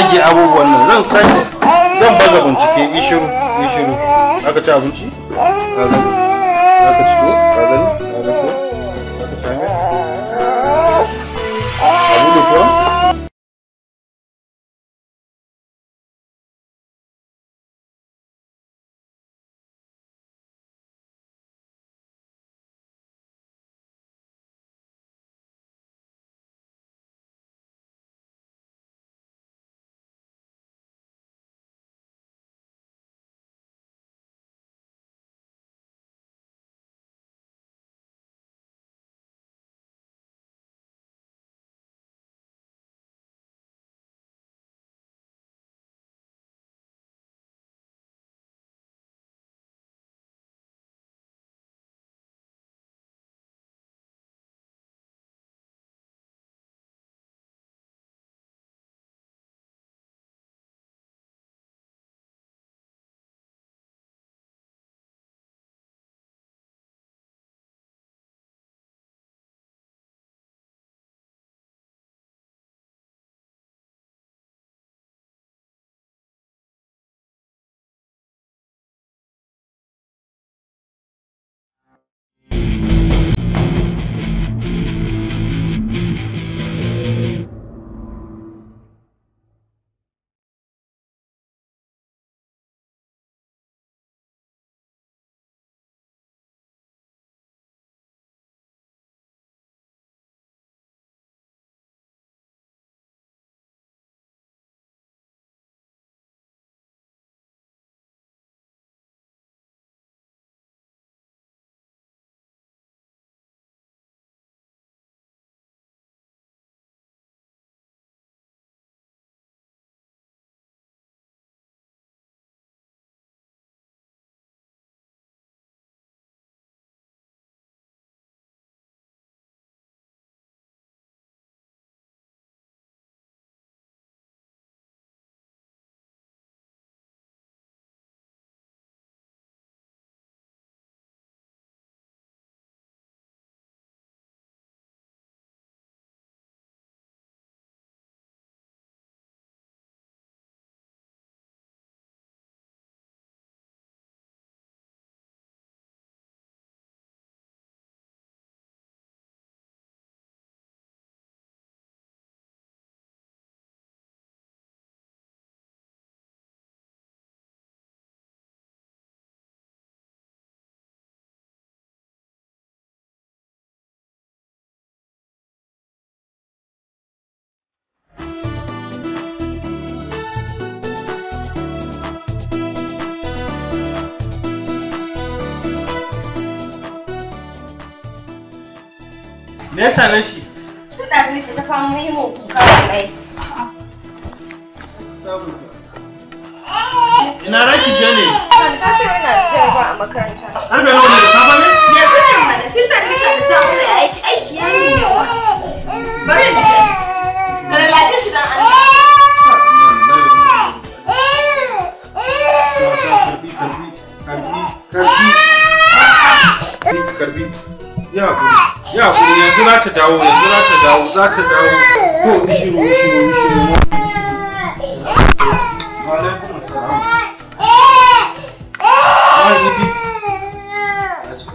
rage abubuwan nan zan sake zan baga bincike ishiru ishiru aka ci abinci ka gani aka ci to ka gani ka gani Me ya same shi? suna zai ki ta fama yi mu kuka wallahi. Ina raki je ne? Ta ce ina ba a makaranta. Har ba wani da ba ne? Ya sani mana sai sa ni ta sa mu da aiki aiki ya yi. Bari shi. Ka lashe shi dan Allah. yanzu za ta dawo yanzu za ta dawo za ta dawo ko ni shiru shiru shiru alaikum a shiru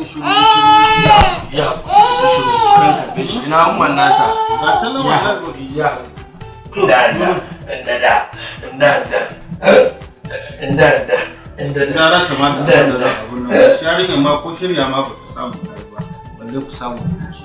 shiru ya ya rasa ma da ma ko shirya ma ba ta samu ba balle ku samu abinci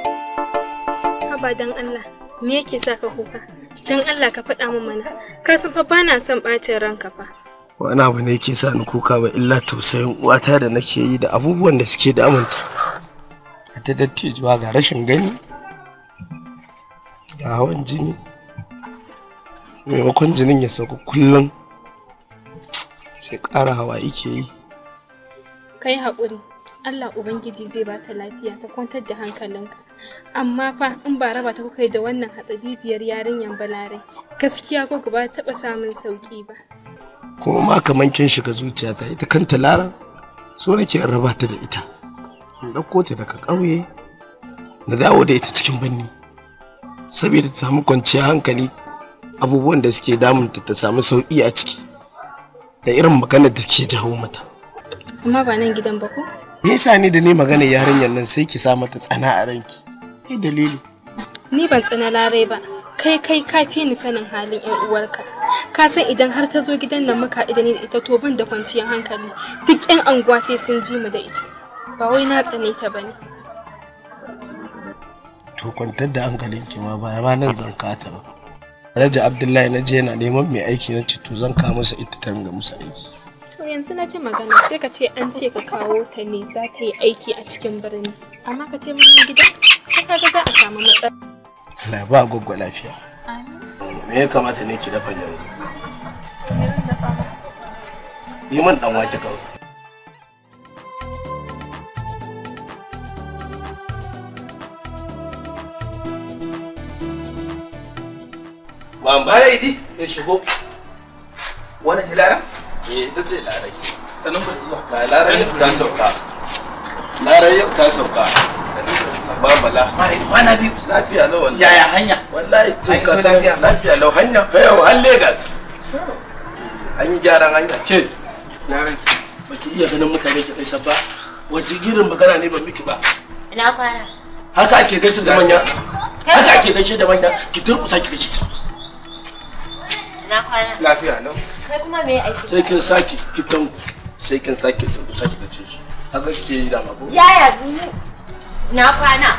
ba dan Allah me yake sa ka kuka dan Allah ka faɗa min mana ka san fa bana son bacin ranka fa wani abu ne yake sa ni kuka ba illa tausayin uwata da nake yi da abubuwan da suke damunta a ta dattijuwa ga rashin gani ga hawan jini maimakon jinin ya sauka kullum sai ƙara hawa yake yi kai haƙuri Allah Ubangiji zai ba ta lafiya ta kwantar da hankalinka. Amma fa in ba raba ta kuka da wannan biyar yarinyar balare gaskiya ko ba taɓa samun sauƙi ba. Kuma ma kaman kin shiga zuciyata ita kanta lara so nake in raba ta da ita. In ɗauko ta daga ƙauye na dawo da ita cikin birni. Saboda ta samu kwanciyar hankali abubuwan da suke damunta ta samu sauƙi a ciki da irin maganar da take jawo mata. Amma ba nan gidan ba ko? me yasa ni da ni magana yarinyar nan sai ki sa mata tsana a ranki kai dalili ni ban tsana larai ba kai kai ka fi ni sanin halin yan uwarka ka san idan har ta zo gidan nan muka da ni da ita to ban da kwanciyar hankali duk yan anguwa sai sun ji mu da ita ba wai na tsane ta bane to kwantar da ki ma ba ma nan zan kata ba Raja Abdullahi na je yana neman mai aiki na to zan kawo masa ita ga musa aiki. yanzu na ji magana sai ka ce an ce ka kawo ta ne za ta yi aiki a cikin birni amma ka ce mun gida ka ga za a samu matsala la ba goggo lafiya me ya kamata ne ki dafa yanzu yi min dan wake kawai Ban bara idi ya shigo. Wannan hilara? eh ita ce larai sannan larai yau ta sauka larai yau ta sauka ba bala ba biyu lafiya wallahi yaya hanya wallahi to ka ta lafiya lau hanya fa yau har an yi hanya ke larai baki iya ganin mutane kai ba waje girin magana ne ban miki ba ina kwana haka ake gaishe da manya haka ake gaishe da manya ki turkusa ki gaishe ina kwana lafiya sai kuma me aiki? Sai kin saki kitan sai kin saki kitan ku saki kace shi. Haka kike yi dama ko? Yaya Junu na kwana.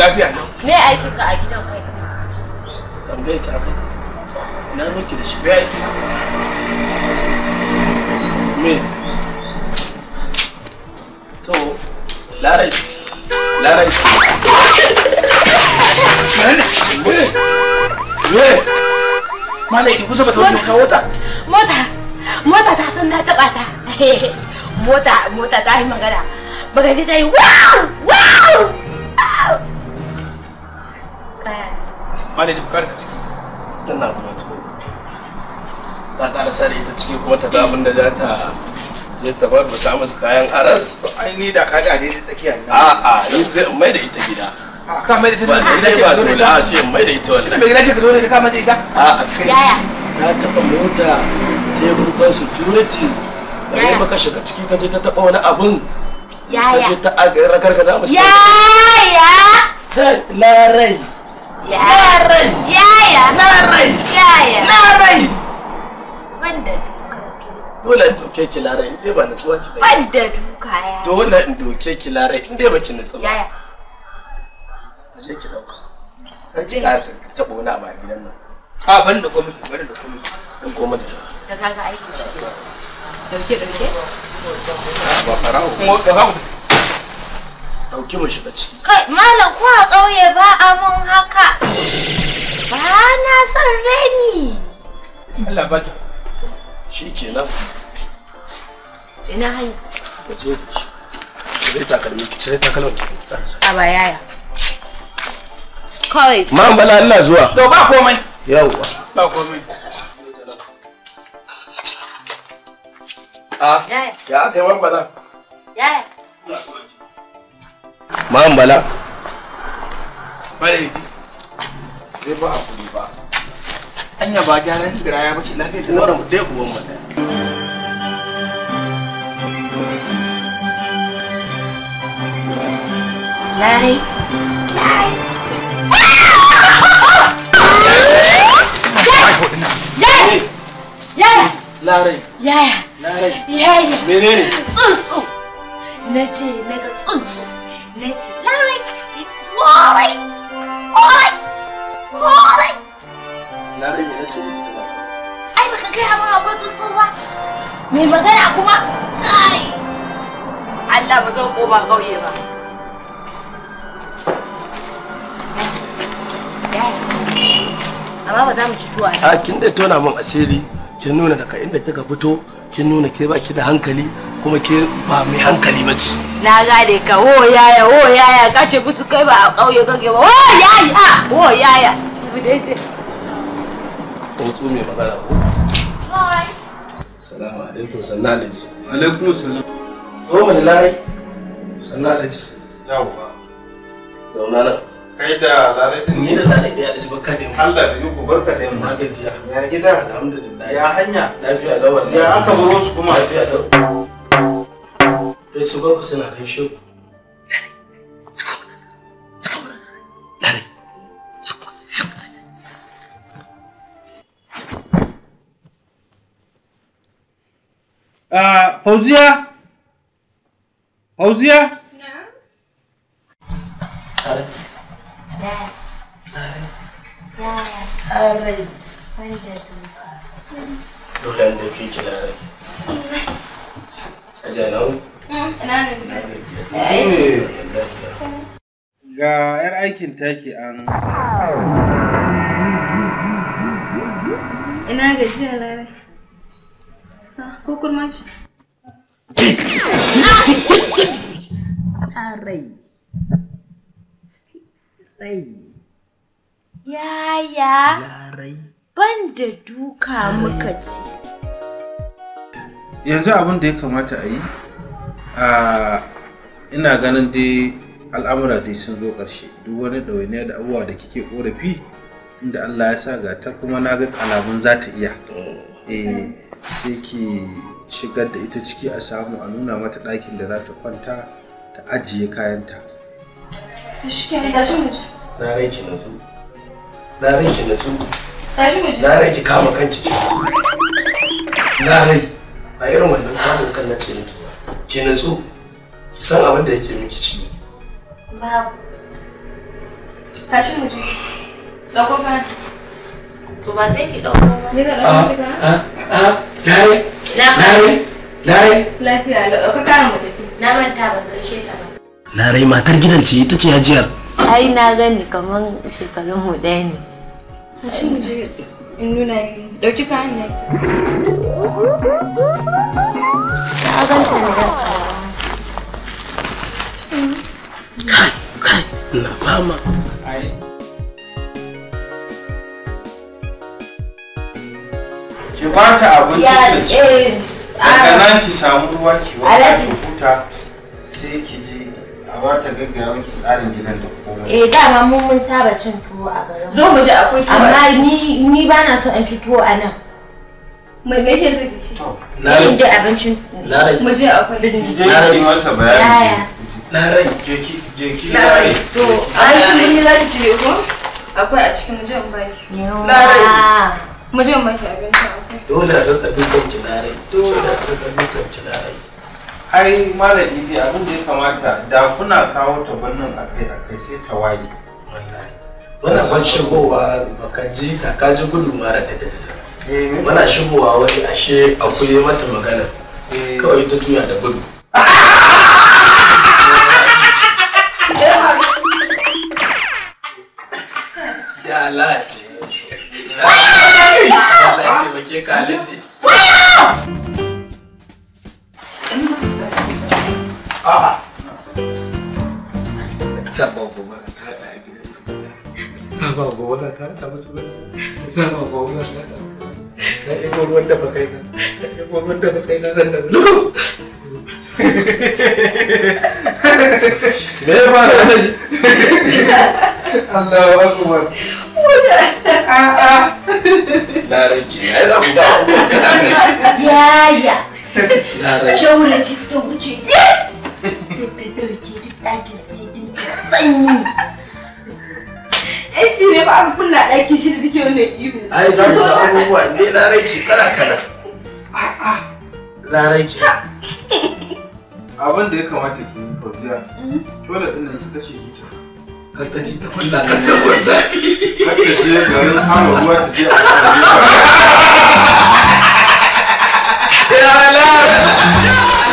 Lafiya nan. Me aiki ka a gidan kai? Tambaye ki haka. Ina miki da shi. Me aiki? Me? To, Larai. Larai. Me? Me? Mala wajen kawo ta. Mota, mota ta san na taba ta. Mota, mota ta yi magana. Baka ji ta yi wow, wow. Mala idi kare ta ciki. Dan na zuwa ciki. Ta kara sare ta ciki kuma ta ga abin da za ta je ta bar ba samu kayan aras. ai ni da ka ga ne tsakiya. A'a, ni sai in mai da ita gida. ka mai da ita dole ne ba dole a sai mai da ita dole mai gida ce ka dole ka mai da ita a yaya ta taba mota tebur kan security da maka shiga ciki ta je ta taba wani abun ta je ta ragargada musu yaya sai larai larai yaya larai yaya larai wanda dole in doke ki larai in dai ba natsuwa ki ban da duka ya dole in doke ki larai in dai ba ki natsuwa yaya sai ki dauka kan ki ƙara taɓa wani abu a gidan nan a bani da komai bani da komai in koma da da kaga aiki shi ba kuma da mu shiga ciki kai malam ko a ƙauye ba a mun haka ba na son reni Allah baki shi kenan ina hanya ka je ki cire takalmi ki cire ki a college ma'am zuwa to ba komai yauwa ba komai a ah, ya kai wan bala Ya. ma'am bala ba ba anya ba gyaran ya bace da wannan dai uwan Larry. Larai. Larai. Menene? Tsuntsu. Na ce na ga tsuntsu. Na ce larai. Larai. Larai. Larai. Larai me na ce Ai baka kai abin akwai tsuntsu ba. Mai magana kuma. Ai. Allah ba zan koma ba. Amma ba za mu ci tuwa. A kin da tona min asiri. kin nuna daga inda kika fito kin nuna ke ba ki da hankali kuma ke ba mai hankali ba ce na gane ka ho oh, yaya ho oh, yaya ka ce butu kai ba a ƙauye kake ba ho oh, yaya ho ah, yaya Hoto mai magana ko? Salamu alaikum sannan da ji. Alaikum salam. Ko mai lai? Sannan da ji. Yawwa. Zauna nan. kai da ni da laladin ya dace baka da Allah barka da yamma ya gida alhamdulillah ya hanya lafiya da ya aka baro su kuma lafiya da dai su ba ku suna kan shi Fauziya? larai dolan da ke ki larai a janau ga yar aikin taki an ina gajiya larai ko kurmanci rai rai Yaya. yarai Ban da duka muka ce. Yanzu abin da ya kamata a yi, ina ganin dai al'amura dai sun zo ƙarshe duk wani ɗawainiya da abubuwa da kike ƙorafi inda Allah ya sa ga ta kuma na ga alamun za ta iya. Eh, sai ki shigar da ita ciki a samu a nuna mata ɗakin da za ta kwanta ta ajiye kayanta. Na rai na zo. na rai ki natsu na rai ki kama kanki ki natsu na rai a irin wannan kamun kan na tsaye ki su ki san abin da yake miki ci babu tashi mu je dauko kana to ba sai ki dauko ba ni da dauko ah, kana a ah, a ah, lare lare lare lafiya la dauko kana mu tafi na manta ba karshe ta ba lare matar gidan ce ita ce hajiyar ai na gani kaman shekarun mu ɗaya ne Ashe mu je in nuna yi ɗauki kayan ya Ta ganta ne Ki abinci ta ci. Eh, Daga ah. nan ki samu ruwa ki wata su huta sai ki ba ta gaggara miki tsarin gidan da komai eh dama mun mun saba cin tuwo a garin zo mu je akwai tuwo amma ni ni ba na son in ci tuwo a nan mai me yake so ki ci larai da abincin larai mu je akwai gidan larai mata bayani larai je ki je ki larai to abincin ne larai ci ko akwai a cikin mu je mu baki larai mu je mu baki abincin akwai dole a rika dukan ki larai dole a rika dukan ki larai ai malami dai abin da ya kamata da kuna kawo tabannin akai akai sai ta waye wallahi wannan ban shigowa baka ji ka ka ji gudu mara da da eh, muna wannan shigowa wani ashe akwai mata magana eh. kawai ta juya da gudu AC ne ba aka kunna ɗakin shi da take wannan ihu. Ai za mu ga abubuwa ne laraici kala kala. A'a laraici. Abin da ya kamata ki yi Fauziya, mm-hmm. dole ɗin nan kashe hita. ta ji ta kunna kan ta ruwan zafi. je garin hama ruwa ta je a kan ruwa. Ya Allah!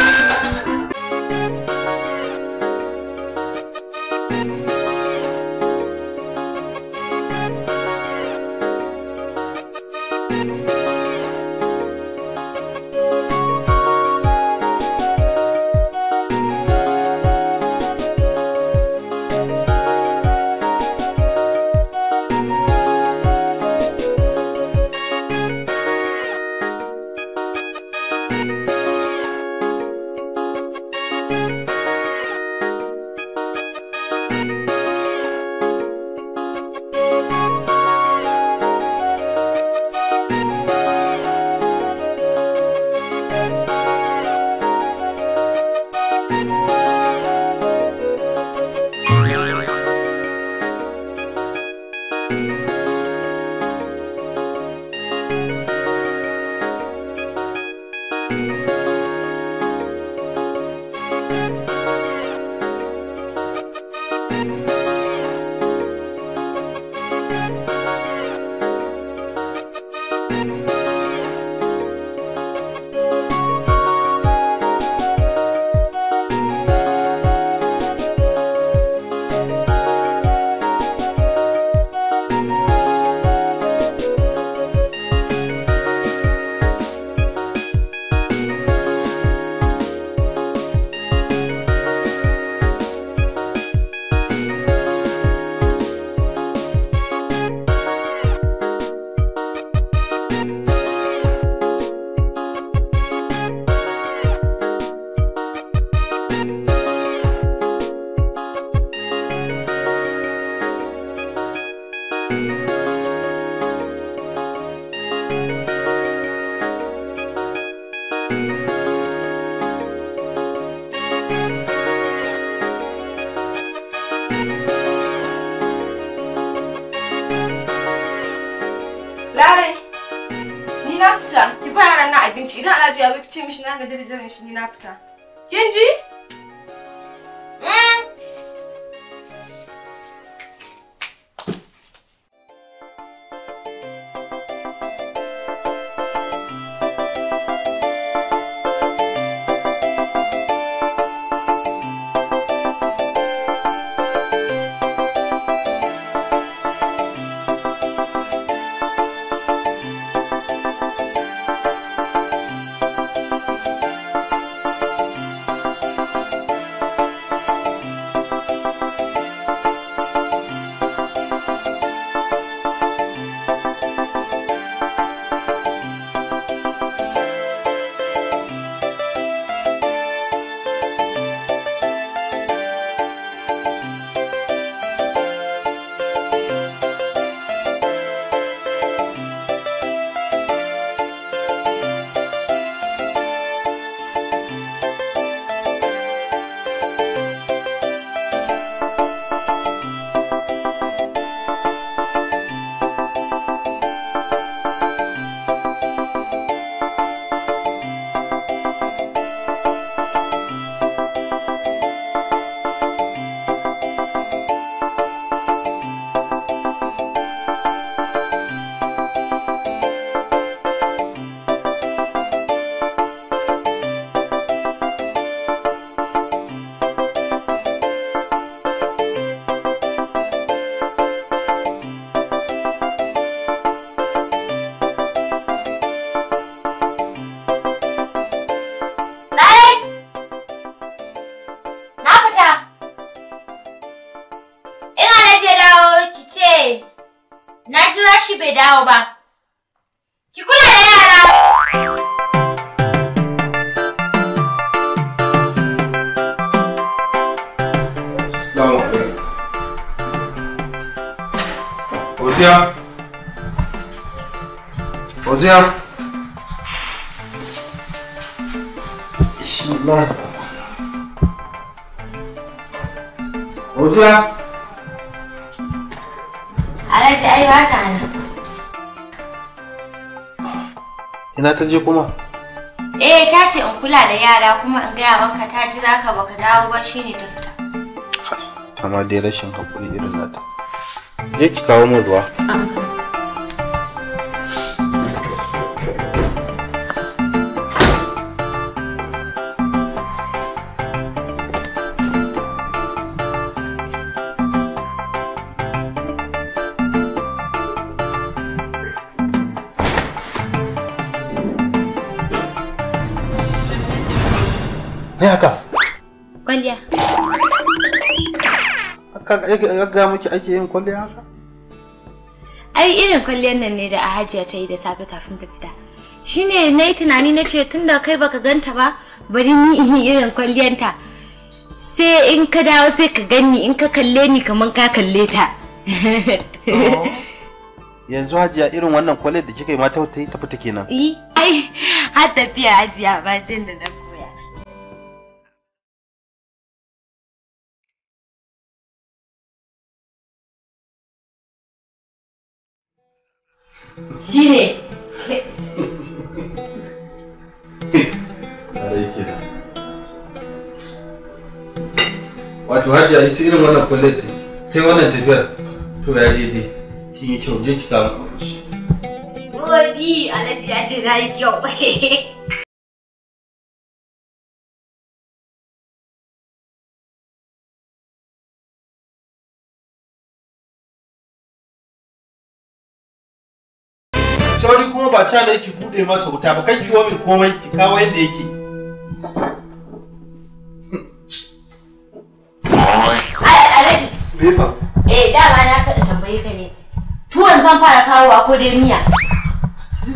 czymś nagle dowiedziałem się nie napta. je kuma? Eh ta ce in kula da yara kuma in gaya maka ta ji zaka baka dawo ba shine ta fita. Amma dai rashin hakuri irin nata. Je ki kawo min ruwa. ga miki ake yin kwalliya haka ai irin kwalliyar nan ne da a hajiya ta yi da safe kafin ta fita shi ne na yi tunani na ce tun da kai baka ganta ba bari ni in yi irin kwalliyanta sai in ka dawo sai ka gani in ka kalle ni kamar ka kalle ta oh. yanzu hajiya irin wannan kwalliyar da kika yi ma ta ta kenan ai har tafiya hajiya ba da na shi ne wato hajiya ita irin wannan kulle ta ta yi wannan tafiyar to ya daidai kin yi kyau je ki kama abinci. Rodi Alhaji ya ce na yi kyau. ta ne ki bude masa wuta ba kai ciwo min komai ki kawo yadda yake Eh dama na sa da tambaye ka ne. Tuwon zan fara kawowa ko dai miya?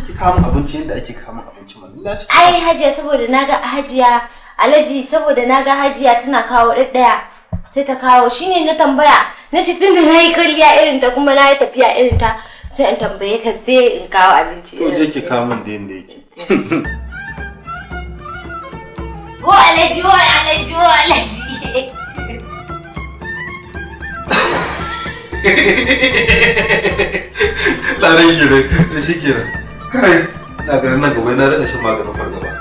Ki kama abinci yadda ake kama abinci mallaka. Ai hajiya saboda naga hajiya Alhaji saboda naga hajiya tana kawo ɗaya sai ta kawo shine na tambaya na ce tunda na yi kariya irin ta kuma na tafiya irin ta sai an tambaye ka sai in kawo abinci to je ki kawo min da yanda yake wo alaji wo alaji wo alaji Larai kenan, shi kira Kai, na ganin nan gaba na rika shan maganin fargaba.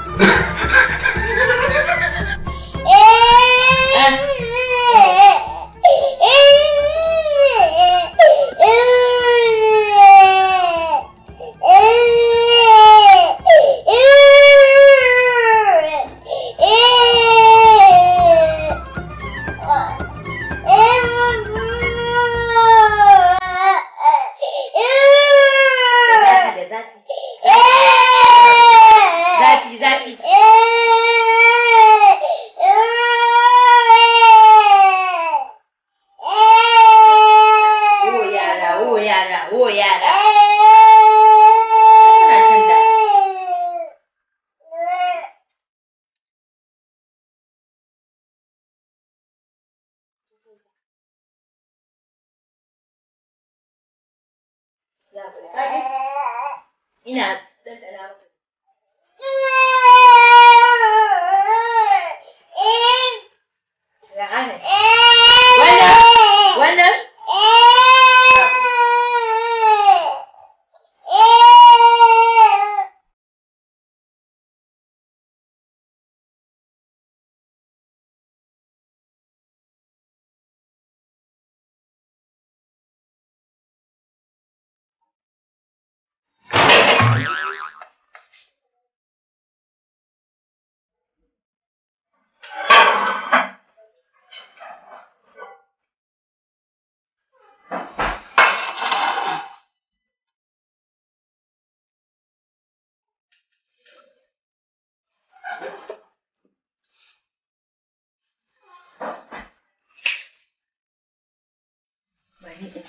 that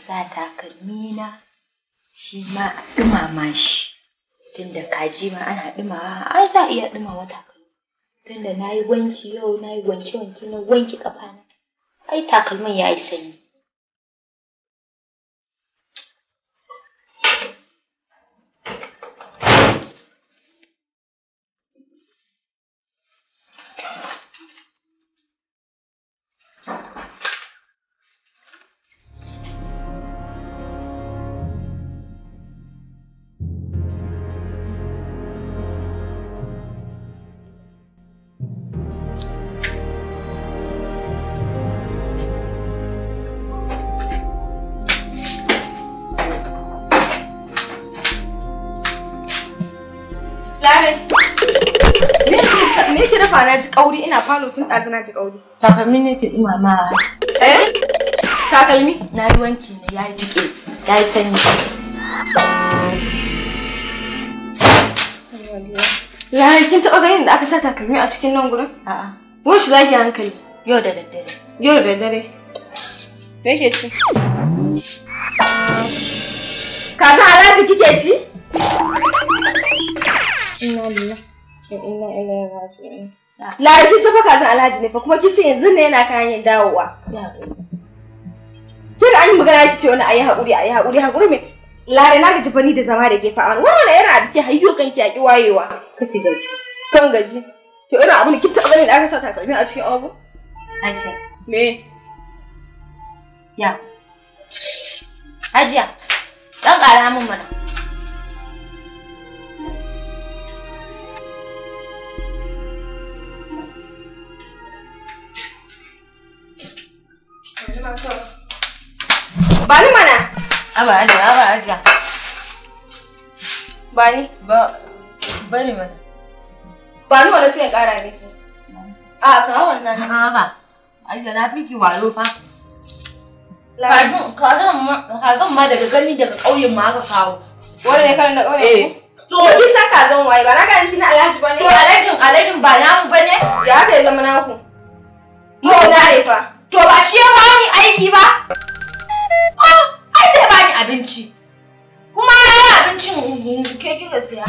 sa takalmi na shi ma a ɗumama shi tunda kaji ma ana ɗumawa ai za a iya ɗumama takalmi tunda na yi wanki yau na yi wanke-wanke na wanke ƙafa na ai takalmin ya yi sanyi Me yake dafa na ji kauri ina falo tun ɗazu na ji kauri. Takalmi ne ke ɗumama. Eh? Takalmi? Na yi wanki ne ya jike ya yi sanyi. Yaya kin taɓa ganin da aka sa takalmi a cikin nan gurin? A'a. Wai shi zaki hankali. Yau da daddare. Yau da daddare. Me yake ci? Ka alaji kike ci? Ina lillah. Inna ilaihi raji'un. Laraki kazan Alhaji ne fa kuma kisa yanzu ne yana kan hanyar dawowa. Kin an yi magana ki ce wani ayi haƙuri ayi haƙuri haƙuri me Lare na gaji fani da zama da gefa an wannan yana a biki hayyo kanki ya ki wayewa. Kake gaji. Kan gaji. To ina abin kin taɓa ganin da aka sa takalmi a cikin abu? Aje. Me? Ya. Hajiya. Dan ƙara min mana. bani Ba mana. Aba ajiya, aba ajiya. Ba bani. Ba, ba ni mana. Ba ni mana sai ya ƙara ne. A ka wannan. A ba. Ajiya na fi ki walo fa. Kazan ma daga gani daga ƙauyen ma aka kawo. Wanda ne kan da ƙauyen ku? Eh. To ki sa kazan waye ba na ga kina alhaji ba ne. To alhajin alhajin ba namu ba ne? Ya haka ya zama naku. Mu na ne fa. To ba shi ya ni aiki ba? Ai zai bani abinci. Kuma ya abincin ke kika siya.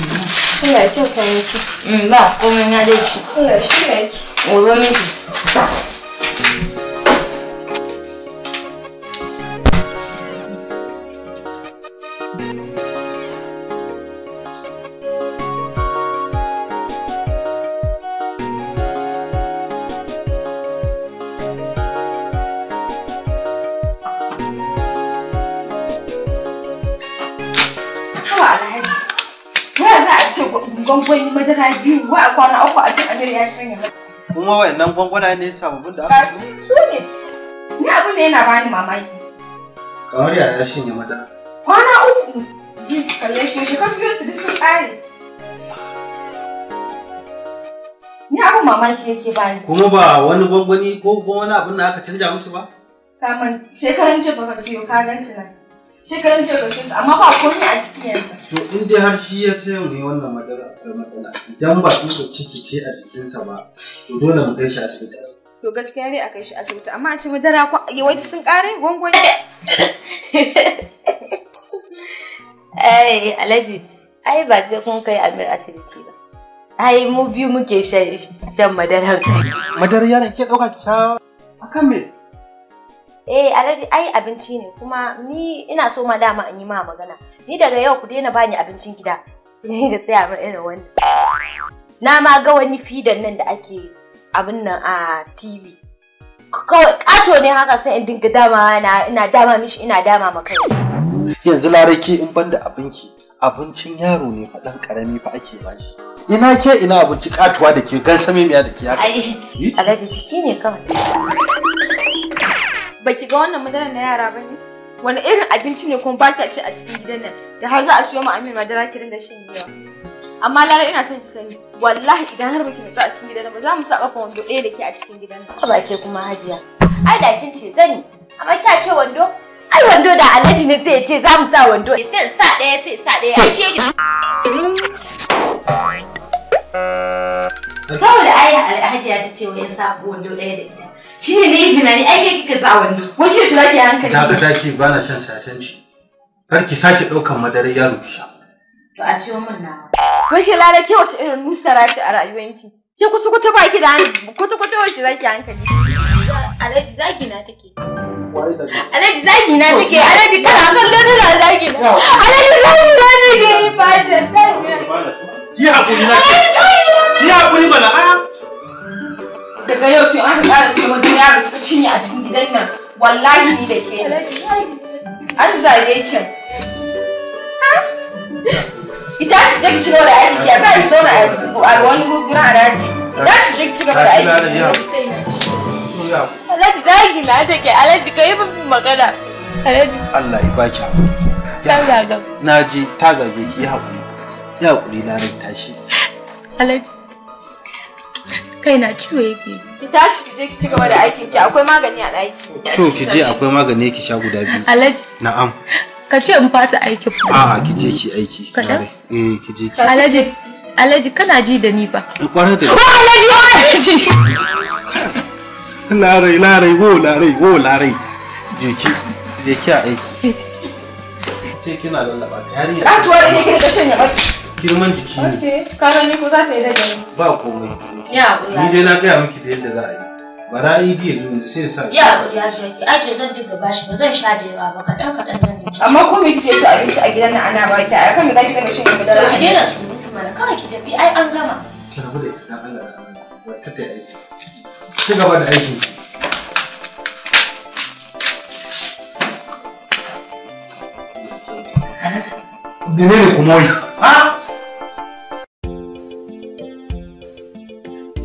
Allah ya kyauta miki. Mm, ba komai na dai ci. Allah shi ya yi. Gobe miki. gwangwani madara biyu wa a kwana uku a cin amir ya shanya. Kuma wayannan gwangwana ne sababbin da aka su? Su ne. Ni abin ne yana bani mamaki. Kamar ya ya shanya madara. Kwana uku. Ji kalle shi shi ka siyo su duk sun tsari. Ni abin mamaki yake bani. Kuma ba wani gwangwani ko wani abin da aka canja musu ba? Kaman shekaran jiya ba ka siyo kagan su nan. Shekaran jiya ka su amma ba komai a ciki yanzu. To in dai har shi ya sayo ne wannan madara akwai matsala idan ba tuka ciki ce a jikinsa ba to dole mu kai shi asibiti. To gaskiya dai a kai shi asibiti amma a ce madara ko wai sun kare gwangwani. Ai Alhaji ai ba sai kun kai Amir asibiti ba. Ai mu biyu muke shan madara. Madara yaron ke ɗauka kyakkyawa akan me? eh alhaji ai abinci ne kuma ni ina so ma dama in yi ma magana ni daga yau ku daina bani abincin gida ni da tsaya ma irin wannan na ma ga wani fidan nan da ake abin nan a tv kawai kato ne haka sai in dinga dama na ina dama mishi ina dama ma kai yanzu laraki in banda abinki abincin yaro ne fa dan karami fa ake bashi ina ke ina abinci katuwa da ke gan samimiya da ke haka alhaji ciki ne kawai baki ga wannan madara na yara ba ne wani irin abinci ne kuma ba ta ci a cikin gidan nan da har za a siyo ma amin madara kirin da shan yawa amma lara ina son ki sani wallahi idan har baki nutsu a cikin gidan nan ba za mu sa kafa wando ɗaya da ke a cikin gidan nan ba ke kuma hajiya ai da kin ce zani amma kya ce wando ai wando da alhaji ne sai ya ce za mu sa wando sai sa ɗaya sai sa ɗaya ai shege saboda ai hajiya ta ce wani sa wando ɗaya da ita shi ne na yi tunani ai kai kika tsa wannan ko ki shi zaki hankali da ga daki ba na shan satanci kar ki sake ɗaukan madarar yaro ki sha to a ciwo min nawa wace lada ke wace irin nusara shi a rayuwanki ke kusa kuta ba ki da kuta kuta wace zaki hankali alaji zaki na take alaji zaki na take alaji kana kallon tana zaki na alaji zaki na take ba da yi hakuri na ke ki hakuri bala aya. daga yau sai aka ƙara sai wata yaro ta ne a cikin gidan nan wallahi ni da ke an zage ki ita shi take ci gaba da aiki ya za a zauna a wani a haraji ita shi take cewa da aiki Alhaji zagi na take Alhaji kai magana Alhaji Allah ya baki hakuri na ji ta gage ki ya hakuri ya hakuri larin tashi Alhaji kai na ciwo yake ki tashi ki je ki ci gaba da aikin ki akwai magani a ɗaki to ki je akwai magani ki sha guda biyu alhaji na'am ka ce in fasa aikin a'a ki je ki aiki kaɗan eh ki je ki alhaji alhaji kana ji da ni ba kwarar eh, da alhaji alhaji larai larai wo larai wo larai je ki je ki a aiki sai kina lallaba yarinya katuwa ne kike kashin ya baki girman jiki ne. Ka gani ko za ta yi da Ba komai. Ya abu Ni dai na gaya miki da yadda za a yi. a yi biye zuwa sai sa. Ya abu ya shaki. A ce zan dinga bashi ba zan sha da yawa ba kaɗan kaɗan zan dinga. Amma ko me kike so abinci a gidan nan ana ba ki a kan me za ki dinga shin da. Ki daina surutu mana kawai ki tafi ai an gama. Ki rabu da ita dan Allah ba ta ta aiki. Ki gaba da aiki. ne kuma yi? Ha?